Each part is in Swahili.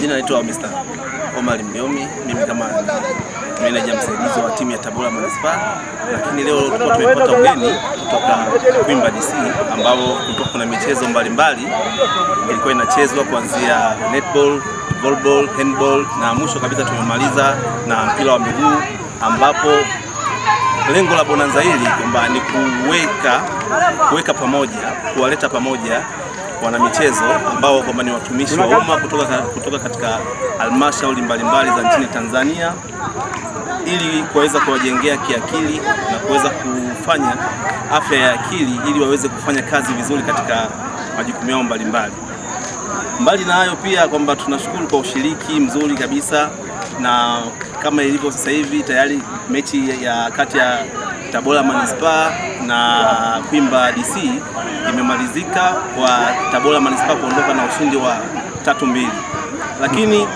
Jina naitwa Mr. Omar Mdiomi, mimi kama meneja msaidizi wa timu ya Tabora Manispaa, lakini leo tuko tumepata ugeni kutoka Kwimba DC, ambao kulikuwa kuna michezo mbalimbali ilikuwa inachezwa kuanzia netball, volleyball, handball na mwisho kabisa tumemaliza na mpira wa miguu, ambapo lengo la bonanza hili kwamba ni kuweka kuweka pamoja kuwaleta pamoja wanamichezo ambao kwamba ni watumishi wa umma kutoka, kutoka katika halmashauri mbalimbali za nchini Tanzania ili kuweza kuwajengea kiakili na kuweza kufanya afya ya akili ili waweze kufanya kazi vizuri katika majukumu yao mbalimbali. Mbali na hayo pia kwamba tunashukuru kwa ushiriki mzuri kabisa, na kama ilivyo sasa hivi tayari mechi ya kati ya Tabora Manispaa na Kwimba DC imemalizika kwa Tabora Manispaa kuondoka na ushindi wa tatu mbili, lakini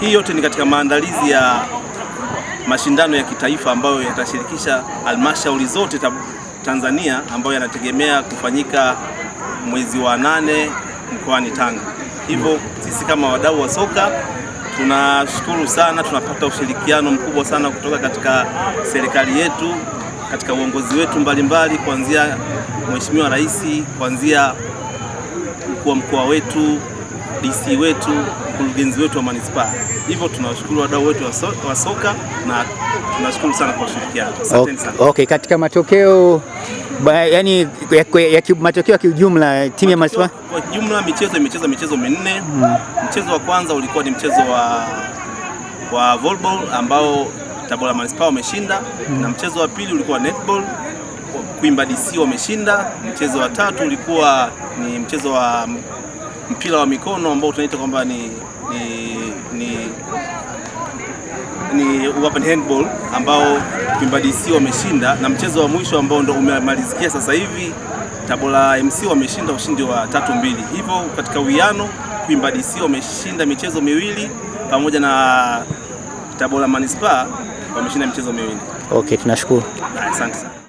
hii yote ni katika maandalizi ya mashindano ya kitaifa ambayo yatashirikisha halmashauri zote Tanzania ambayo yanategemea kufanyika mwezi wa nane mkoani Tanga. Hivyo sisi kama wadau wa soka tunashukuru sana, tunapata ushirikiano mkubwa sana kutoka katika serikali yetu katika uongozi wetu mbalimbali, kuanzia Mheshimiwa Rais, kuanzia mkuu wa mkoa wetu, DC wetu, mkurugenzi wetu wa manispaa. Hivyo tunawashukuru wadau wetu wa soka na tunashukuru sana kwa ushirikiano. Okay, sana. Okay, katika matokeo Ba, yani, ya matokeo ya kiujumla timu ya Manispaa kwa jumla michezo imecheza michezo minne. Mm. Mchezo wa kwanza ulikuwa ni mchezo wa, wa volleyball ambao Tabora Manispaa wameshinda hmm. na mchezo wa pili ulikuwa netball, Kwimba DC wameshinda. Mchezo wa tatu ulikuwa ni mchezo wa mpira wa mikono ambao tunaita kwamba ni, ni, ni, ni open handball ambao Kwimba DC wameshinda, na mchezo wa mwisho ambao ndo umemalizikia sasa hivi Tabora MC wameshinda ushindi wa tatu mbili. Hivyo katika uwiano Kwimba DC wameshinda michezo miwili pamoja na Tabora Manispaa wameshinda michezo miwili. Okay, tunashukuru. Asante sana.